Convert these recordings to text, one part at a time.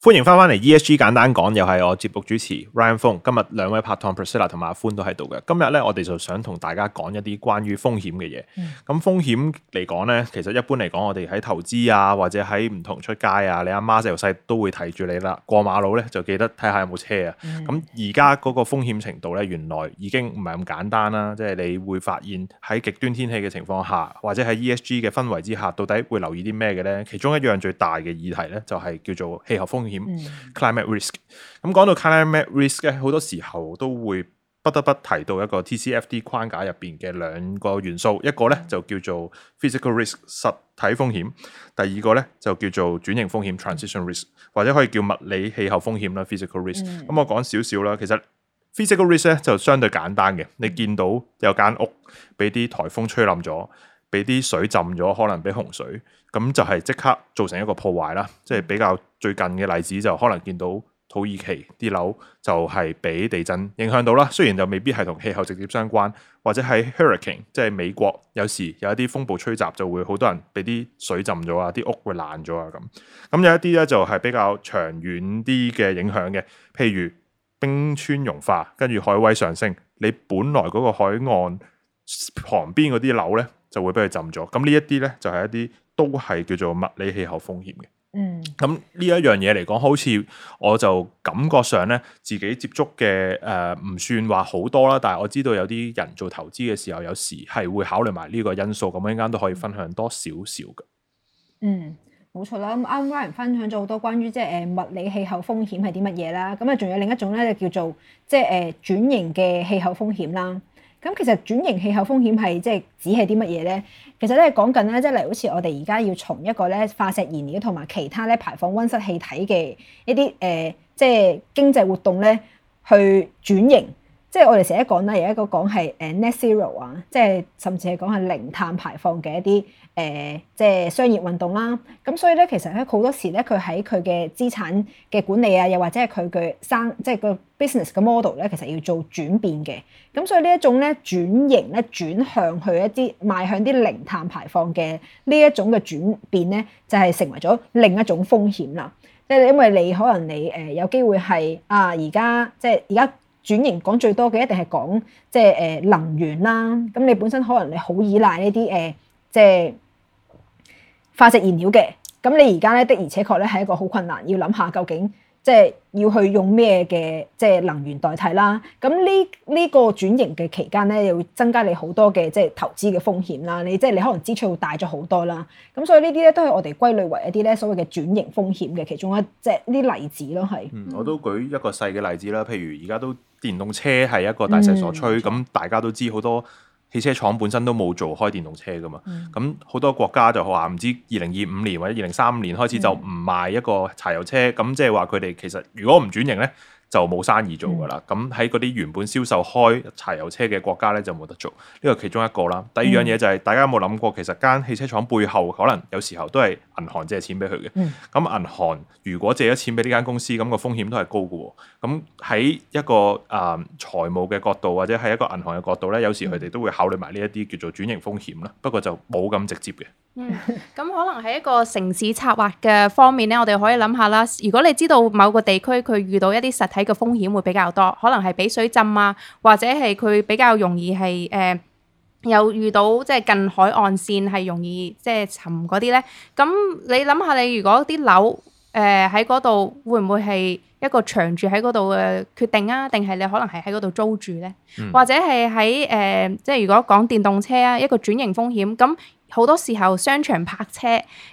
歡迎翻翻嚟，E S G 簡單講，又係我節目主持 Ryan Fong。今日兩位拍檔 Priscilla 同埋阿歡都喺度嘅。今日咧，我哋就想同大家講一啲關於風險嘅嘢。咁、嗯、風險嚟講咧，其實一般嚟講，我哋喺投資啊，或者喺唔同出街啊，你阿媽由細都會提住你啦。過馬路咧，就記得睇下有冇車啊。咁而家嗰個風險程度咧，原來已經唔係咁簡單啦。即、就、係、是、你會發現喺極端天氣嘅情況下，或者喺 E S G 嘅氛圍之下，到底會留意啲咩嘅咧？其中一樣最大嘅議題咧，就係叫做氣候風險。險 climate risk，咁講到 climate risk 咧，好、嗯、多時候都會不得不提到一個 TCFD 框架入邊嘅兩個元素，一個咧就叫做 physical risk 實體風險，第二個咧就叫做轉型風險 transition risk，、嗯、或者可以叫物理氣候風險啦 physical risk。咁、嗯、我講少少啦，其實 physical risk 咧就相對簡單嘅，嗯、你見到有間屋俾啲台風吹冧咗。俾啲水浸咗，可能俾洪水，咁就係即刻造成一個破壞啦。即係比較最近嘅例子，就可能見到土耳其啲樓就係俾地震影響到啦。雖然就未必係同氣候直接相關，或者係 hurricane，即係美國有時有一啲風暴吹襲，就會好多人俾啲水浸咗啊，啲屋會爛咗啊咁。咁有一啲咧就係比較長遠啲嘅影響嘅，譬如冰川融化，跟住海位上升，你本來嗰個海岸。旁邊嗰啲樓咧就會俾佢浸咗，咁呢一啲咧就係一啲都係叫做物理氣候風險嘅。嗯，咁呢一樣嘢嚟講，好似我就感覺上咧自己接觸嘅誒唔算話好多啦，但係我知道有啲人做投資嘅時候，有時係會考慮埋呢個因素，咁一陣間都可以分享多少少嘅。嗯，冇錯啦，咁啱啱 Ryan 分享咗好多關於即係誒物理氣候風險係啲乜嘢啦，咁啊仲有另一種咧就叫做即係誒轉型嘅氣候風險啦。咁其實轉型氣候風險係即係指係啲乜嘢咧？其實咧講緊咧，即係例如好似我哋而家要從一個咧化石燃料同埋其他咧排放溫室氣體嘅一啲誒、呃，即係經濟活動咧去轉型。即係我哋成日講啦，有一個講係誒 net zero 啊、呃，即係甚至係講係零碳排放嘅一啲誒，即係商業運動啦。咁所以咧，其實咧，好多時咧，佢喺佢嘅資產嘅管理啊，又或者係佢嘅生，即係個 business 嘅 model 咧，其實要做轉變嘅。咁所以呢一種咧轉型咧，轉向去一啲邁向啲零碳排放嘅呢一種嘅轉變咧，就係、是、成為咗另一種風險啦。即係因為你可能你誒有機會係啊，而家即係而家。轉型講最多嘅一定係講即係誒能源啦，咁你本身可能你好依賴呢啲誒即係化石燃料嘅，咁你而家咧的而且確咧係一個好困難，要諗下究竟。即係要去用咩嘅即係能源代替啦，咁呢呢個轉型嘅期間咧，又會增加你好多嘅即係投資嘅風險啦。你即係你可能支出會大咗好多啦。咁所以呢啲咧都係我哋歸類為一啲咧所謂嘅轉型風險嘅其中一隻啲、即係、例子咯。係、嗯，我都舉一個細嘅例子啦。譬如而家都電動車係一個大勢所趨，咁、嗯、大家都知好多。汽車廠本身都冇做開電動車噶嘛，咁好、嗯、多國家就話唔知二零二五年或者二零三五年開始就唔賣一個柴油車，咁、嗯、即係話佢哋其實如果唔轉型咧。就冇生意做㗎啦，咁喺嗰啲原本銷售開柴油車嘅國家咧就冇得做，呢、這個其中一個啦。第二樣嘢就係、是、嗯、大家有冇諗過，其實間汽車廠背後可能有時候都係銀行借錢俾佢嘅。咁、嗯、銀行如果借咗錢俾呢間公司，咁、那個風險都係高嘅。咁喺一個啊、呃、財務嘅角度，或者係一個銀行嘅角度咧，有時佢哋都會考慮埋呢一啲叫做轉型風險啦。不過就冇咁直接嘅。嗯，咁可能喺一個城市策劃嘅方面咧，我哋可以諗下啦。如果你知道某個地區佢遇到一啲實體，睇個風險會比較多，可能係畀水浸啊，或者係佢比較容易係誒有遇到即係近海岸線係容易即係沉嗰啲咧。咁你諗下，你如果啲樓誒喺嗰度，會唔會係一個長住喺嗰度嘅決定啊？定係你可能係喺嗰度租住咧？或者係喺誒即係如果講電動車啊，一個轉型風險，咁好多時候商場泊車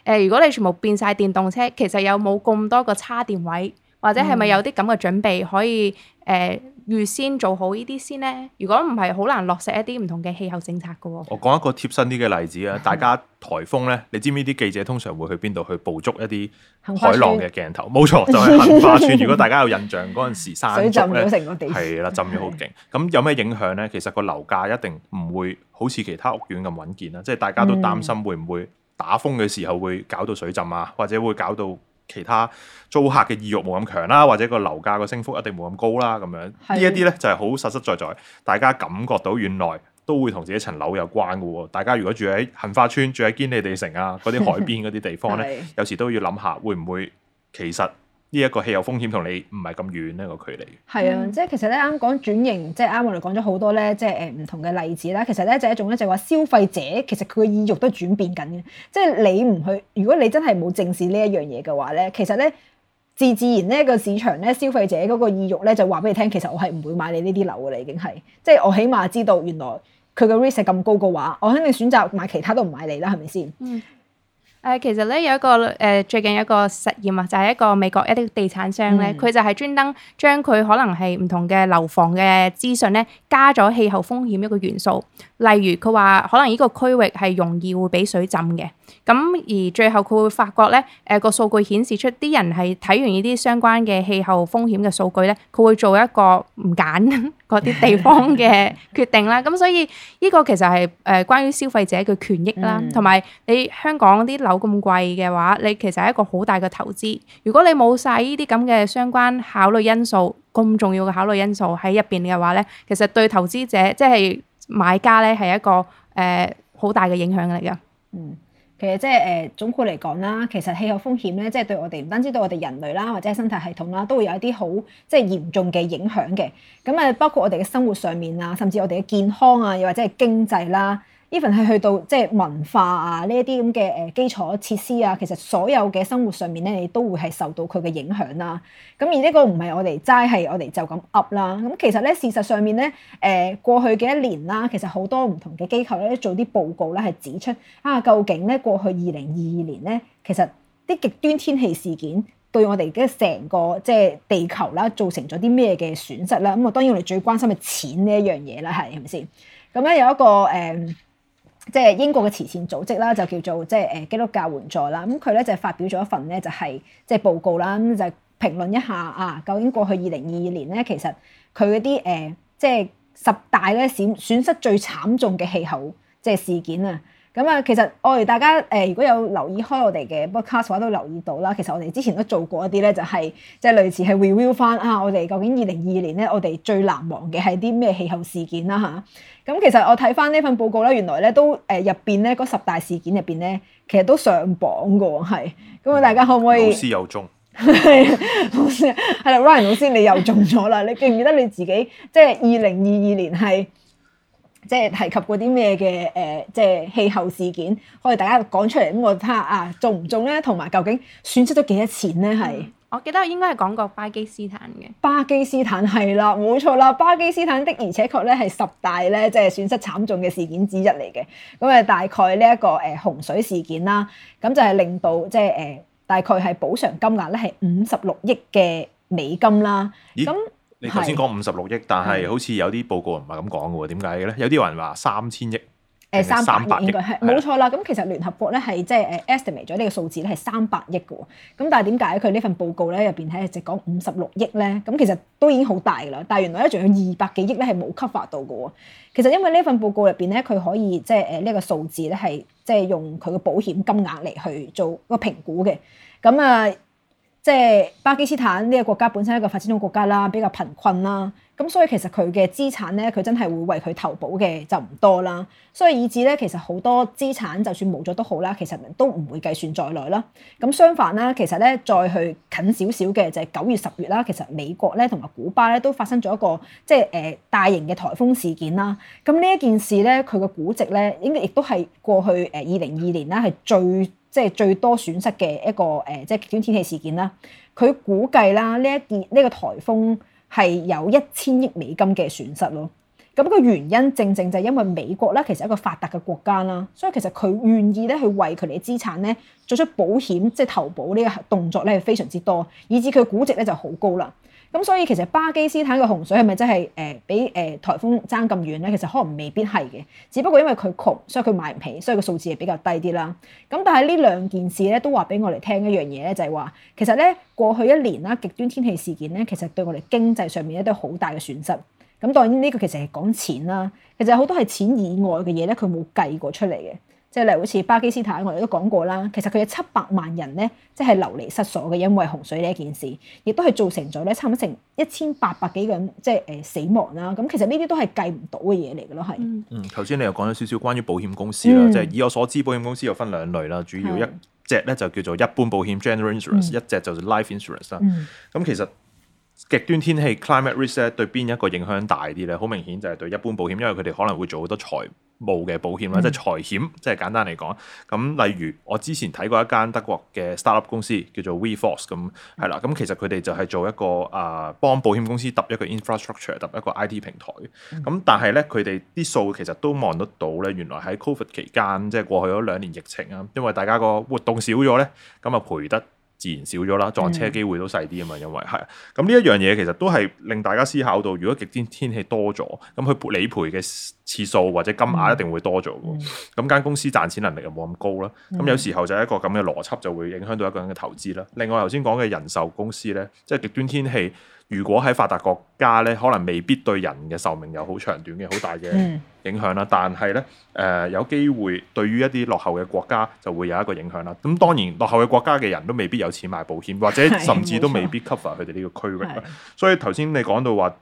誒，如果你全部變晒電動車，其實有冇咁多個叉電位？或者係咪有啲咁嘅準備可以誒、呃、預先做好呢啲先呢？如果唔係，好難落實一啲唔同嘅氣候政策嘅、哦、我講一個貼身啲嘅例子啊，嗯、大家颱風呢，你知唔知啲記者通常會去邊度去捕捉一啲海浪嘅鏡頭？冇錯，就係、是、杏花邨。 如果大家有印象嗰陣時山竹，山水浸咗成個地，係啦，浸咗好勁。咁的有咩影響呢？其實個樓價一定唔會好似其他屋苑咁穩健啦，即、就、係、是、大家都擔心會唔會打風嘅時候會搞到水浸啊，或者會搞到。其他租客嘅意欲冇咁強啦，或者個樓價個升幅一定冇咁高啦，咁樣是的 呢一啲咧就係、是、好實實在在，大家感覺到原來都會同自己一層樓有關嘅喎。大家如果住喺杏花邨、住喺堅尼地城啊，嗰啲海邊嗰啲地方咧， 是的 有時都要諗下會唔會其實。呢一個汽油風險同你唔係咁遠呢個距離。係啊，即係其實咧，啱講轉型，即係啱我哋講咗好多咧，即係誒唔同嘅例子啦。其實咧，就一種咧，就話消費者其實佢嘅意欲都轉變緊嘅。即係你唔去，如果你真係冇正視呢一樣嘢嘅話咧，其實咧，自自然呢個市場咧，消費者嗰個意欲咧就話俾你聽，其實我係唔會買你呢啲樓嘅啦，已經係。即係我起碼知道原來佢嘅 risk 咁高嘅話，我肯定選擇買其他都唔買你啦，係咪先？嗯。誒其實呢，有一個誒、呃、最近有一個實驗啊，就係、是、一個美國一啲地產商呢，佢、嗯、就係專登將佢可能係唔同嘅樓房嘅資訊呢，加咗氣候風險一個元素。例如佢話可能呢個區域係容易會俾水浸嘅。咁而最後佢會發覺咧，誒、呃、個數據顯示出啲人係睇完呢啲相關嘅氣候風險嘅數據咧，佢會做一個唔揀嗰啲地方嘅決定啦。咁 所以呢個其實係誒關於消費者嘅權益啦，同埋、嗯、你香港啲樓咁貴嘅話，你其實係一個好大嘅投資。如果你冇曬呢啲咁嘅相關考慮因素，咁重要嘅考慮因素喺入邊嘅話咧，其實對投資者即係、就是、買家咧係一個誒好、呃、大嘅影響嚟㗎。嗯。其實即係誒總括嚟講啦，其實氣候風險咧，即係對我哋唔單止對我哋人類啦，或者係生態系統啦，都會有一啲好即係嚴重嘅影響嘅。咁誒，包括我哋嘅生活上面啊，甚至我哋嘅健康啊，又或者係經濟啦。even 係去到即係文化啊，呢一啲咁嘅誒基礎設施啊，其實所有嘅生活上面咧，你都會係受到佢嘅影響啦。咁而呢個唔係我哋齋係我哋就咁噏啦。咁其實咧，事實上面咧，誒過去嘅一年啦，其實好多唔同嘅機構咧做啲報告咧係指出啊，究竟咧過去二零二二年咧，其實啲極端天氣事件對我哋嘅成個即係地球啦造成咗啲咩嘅損失啦。咁啊當然我哋最關心嘅錢呢一樣嘢啦，係係咪先？咁咧有一個誒。嗯即係英國嘅慈善組織啦，就叫做即係誒基督教援助啦。咁佢咧就發表咗一份咧，就係即係報告啦。咁就評論一下啊，究竟過去二零二二年咧，其實佢嗰啲誒即係十大咧損損失最慘重嘅氣候即係事件啊！咁啊、嗯，其實我哋大家誒、呃，如果有留意開我哋嘅 broadcast 嘅話，都留意到啦。其實我哋之前都做過一啲咧、就是，就係即係類似係 review 翻啊，我哋究竟二零二年咧，我哋最難忘嘅係啲咩氣候事件啦吓，咁、啊嗯、其實我睇翻呢份報告咧，原來咧都誒入邊咧嗰十大事件入邊咧，其實都上榜嘅喎，係。咁、嗯、啊，大家可唔可以？老師有中。係，老師係啦，Ryan 老師你又中咗啦！ 你記唔記得你自己即係二零二二年係？即係提及過啲咩嘅，誒，即係氣候事件，可以大家講出嚟咁，我睇下啊，中唔中咧？同埋究竟損失咗幾多錢咧？係、嗯、我記得我應該係講過巴基斯坦嘅。巴基斯坦係啦，冇錯啦，巴基斯坦的而且確咧係十大咧，即係損失慘重嘅事件之一嚟嘅。咁啊，大概呢一個誒洪水事件啦，咁就係令到即係誒大概係補償金額咧係五十六億嘅美金啦。咁咦你頭先講五十六億，但係好似有啲報告唔係咁講嘅喎，點解嘅咧？有啲人話三千億，誒三百億應該係冇錯啦。咁其實聯合國咧係即係誒 estimate 咗呢個數字咧係三百億嘅喎。咁但係點解佢呢份報告咧入邊係直講五十六億咧？咁其實都已經好大啦。但係原來咧仲有二百幾億咧係冇 cover 到嘅喎。其實因為呢份報告入邊咧，佢可以即係誒呢個數字咧係即係用佢嘅保險金額嚟去做個評估嘅。咁啊。即係巴基斯坦呢個國家本身係一個發展中國家啦，比較貧困啦，咁所以其實佢嘅資產咧，佢真係會為佢投保嘅就唔多啦。所以以至咧，其實好多資產就算冇咗都好啦，其實都唔會計算在內啦。咁相反啦，其實咧再去近少少嘅就係九月十月啦，其實美國咧同埋古巴咧都發生咗一個即係誒、呃、大型嘅颱風事件啦。咁呢一件事咧，佢嘅估值咧應該亦都係過去誒二零二年啦係最即係最多損失嘅一個誒，即係極端天氣事件啦。佢估計啦，呢一件呢個颱風係有一千億美金嘅損失咯。咁個原因正正就係因為美國咧，其實一個發達嘅國家啦，所以其實佢願意咧去為佢哋嘅資產咧做出保險，即係投保呢個動作咧，係非常之多，以至佢估值咧就好高啦。咁所以其實巴基斯坦嘅洪水係咪真係誒比誒、呃、颱風爭咁遠咧？其實可能未必係嘅，只不過因為佢窮，所以佢買唔起，所以個數字係比較低啲啦。咁但係呢兩件事咧都話俾我哋聽一樣嘢咧，就係話其實咧過去一年啦，極端天氣事件咧，其實對我哋經濟上面咧都好大嘅損失。咁當然呢個其實係講錢啦，其實好多係錢以外嘅嘢咧，佢冇計過出嚟嘅。即係例如好似巴基斯坦，我哋都講過啦。其實佢有七百萬人咧，即係流離失所嘅，因為洪水呢一件事，亦都係造成咗咧差唔多成一千八百幾個人即係誒死亡啦。咁其實呢啲都係計唔到嘅嘢嚟嘅咯，係。嗯，頭先、嗯、你又講咗少少關於保險公司啦，嗯、即係以我所知，保險公司又分兩類啦，主要一隻咧就叫做一般保險 （general insurance）、嗯、一隻就 life insurance 啦、嗯。咁、嗯、其實。極端天氣 climate risk 對邊一個影響大啲咧？好明顯就係對一般保險，因為佢哋可能會做好多財務嘅保險啦，嗯、即係財險，即係簡單嚟講。咁例如我之前睇過一間德國嘅 start up 公司叫做 WeForce 咁，係啦。咁、嗯、其實佢哋就係做一個啊幫保險公司揼一個 infrastructure，揼一個 IT 平台。咁、嗯、但係咧佢哋啲數其實都望得到咧，原來喺 Covid 期間即係過去嗰兩年疫情啊，因為大家個活動少咗咧，咁啊賠得。自然少咗啦，撞車機會都細啲啊嘛，因為係咁呢一樣嘢，其實都係令大家思考到，如果極端天氣多咗，咁佢理賠嘅次數或者金額一定會多咗嘅，咁間、嗯嗯、公司賺錢能力又冇咁高啦。咁、嗯、有時候就係一個咁嘅邏輯，就會影響到一個人嘅投資啦。另外頭先講嘅人壽公司咧，即、就、係、是、極端天氣。如果喺發達國家咧，可能未必對人嘅壽命有好長短嘅好大嘅影響啦。嗯、但係咧，誒、呃、有機會對於一啲落後嘅國家就會有一個影響啦。咁當然落後嘅國家嘅人都未必有錢買保險，或者甚至都未必 cover 佢哋呢個區域。的所以頭先你講到話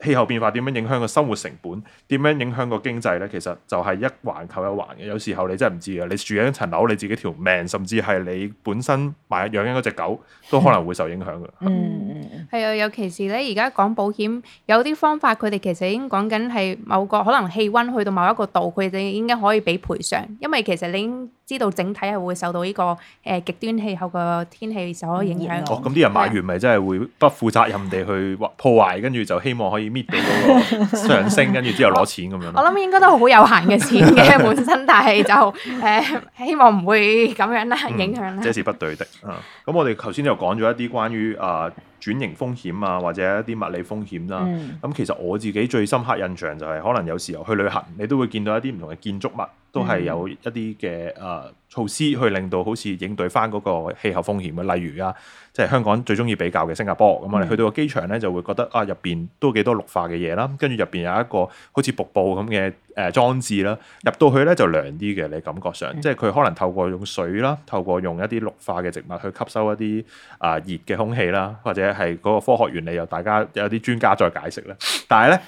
氣候變化點樣影響個生活成本，點樣影響個經濟咧，其實就係一環扣一環嘅。有時候你真係唔知㗎，你住緊一層樓，你自己條命，甚至係你本身買養緊嗰隻狗，都可能會受影響㗎。嗯嗯。尤其是咧，而家講保險，有啲方法，佢哋其實已經講緊係某個可能氣溫去到某一個度，佢哋應該可以俾賠償，因為其實你已經知道整體係會受到呢個誒極端氣候嘅天氣所影響。咁啲、嗯哦哦嗯哦、人買完咪真係會不負責任地去破壞，跟住對就希望可以搣到嗰個上升，跟住之後攞錢咁 我樣我。我諗應該都好有限嘅錢嘅 本身，但係就誒、呃、希望唔會咁樣啦，影響咧。這是不對的。Uh. 啊，咁我哋頭先就講咗一啲關於啊。轉型風險啊，或者一啲物理風險啦、啊。咁、嗯、其實我自己最深刻印象就係、是，可能有時候去旅行，你都會見到一啲唔同嘅建築物。都係有一啲嘅誒措施去令到好似應對翻嗰個氣候風險嘅，例如啊，即係香港最中意比較嘅新加坡，咁我哋去到個機場咧就會覺得啊入邊都幾多綠化嘅嘢啦，跟住入邊有一個好似瀑布咁嘅誒裝置啦，入到去咧就涼啲嘅，你感覺上，嗯、即係佢可能透過用水啦，透過用一啲綠化嘅植物去吸收一啲啊熱嘅空氣啦，或者係嗰個科學原理又大家有啲專家再解釋咧，但係咧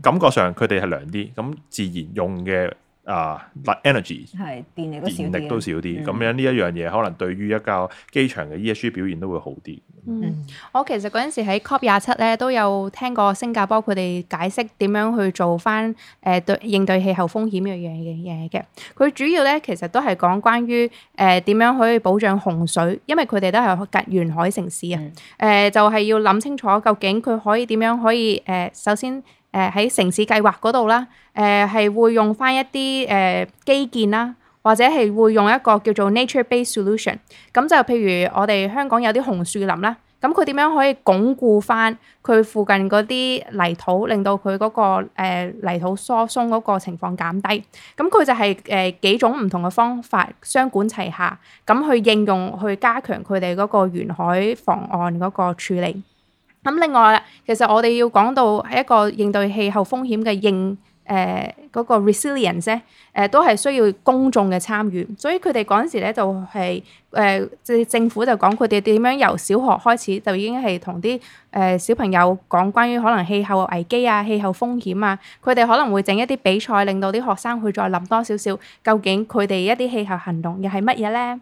感覺上佢哋係涼啲，咁自然用嘅。啊、uh，energy 係電力都少啲，咁、嗯、樣呢一樣嘢可能對於一間機場嘅 ESG 表現都會好啲。嗯，嗯我其實嗰陣時喺 COP 廿七咧都有聽過新加坡佢哋解釋點樣去做返誒對應對氣候風險一樣嘅嘢嘅。佢主要咧其實都係講關於誒點樣可以保障洪水，因為佢哋都係隔沿海城市啊。誒、嗯呃、就係、是、要諗清楚究竟佢可以點樣可以誒、呃、首先。誒喺、呃、城市計劃嗰度啦，誒、呃、係會用翻一啲誒、呃、基建啦，或者係會用一個叫做 nature-based solution。咁就譬如我哋香港有啲紅樹林啦，咁佢點樣可以鞏固翻佢附近嗰啲泥土，令到佢嗰、那個誒、呃、泥土疏鬆嗰個情況減低。咁佢就係、是、誒、呃、幾種唔同嘅方法，雙管齊下，咁去應用去加強佢哋嗰個沿海防岸嗰個處理。咁另外啦，其實我哋要講到係一個應對氣候風險嘅應誒嗰個 resilience 咧，誒都係需要公眾嘅參與。所以佢哋嗰陣時咧就係誒政政府就講佢哋點樣由小學開始就已經係同啲誒小朋友講關於可能氣候危機啊、氣候風險啊，佢哋可能會整一啲比賽，令到啲學生去再諗多少少，究竟佢哋一啲氣候行動又係乜嘢咧？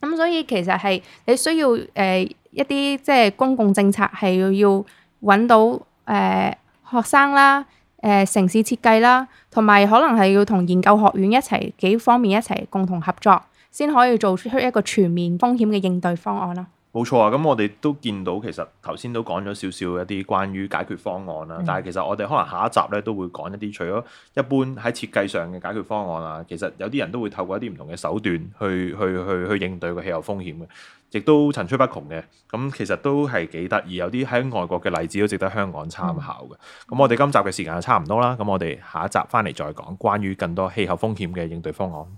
咁所以其實係你需要誒。一啲即係公共政策係要揾到誒、呃、學生啦、誒、呃、城市設計啦，同埋可能係要同研究學院一齊幾方面一齊共同合作，先可以做出一個全面風險嘅應對方案咯。冇錯啊，咁我哋都見到其實頭先都講咗少少一啲關於解決方案啦。嗯、但係其實我哋可能下一集呢都會講一啲除咗一般喺設計上嘅解決方案啊，其實有啲人都會透過一啲唔同嘅手段去去去去，去應對個氣候風險嘅，亦都層出不窮嘅。咁其實都係幾得意，有啲喺外國嘅例子都值得香港參考嘅。咁、嗯、我哋今集嘅時間就差唔多啦，咁我哋下一集返嚟再講關於更多氣候風險嘅應對方案。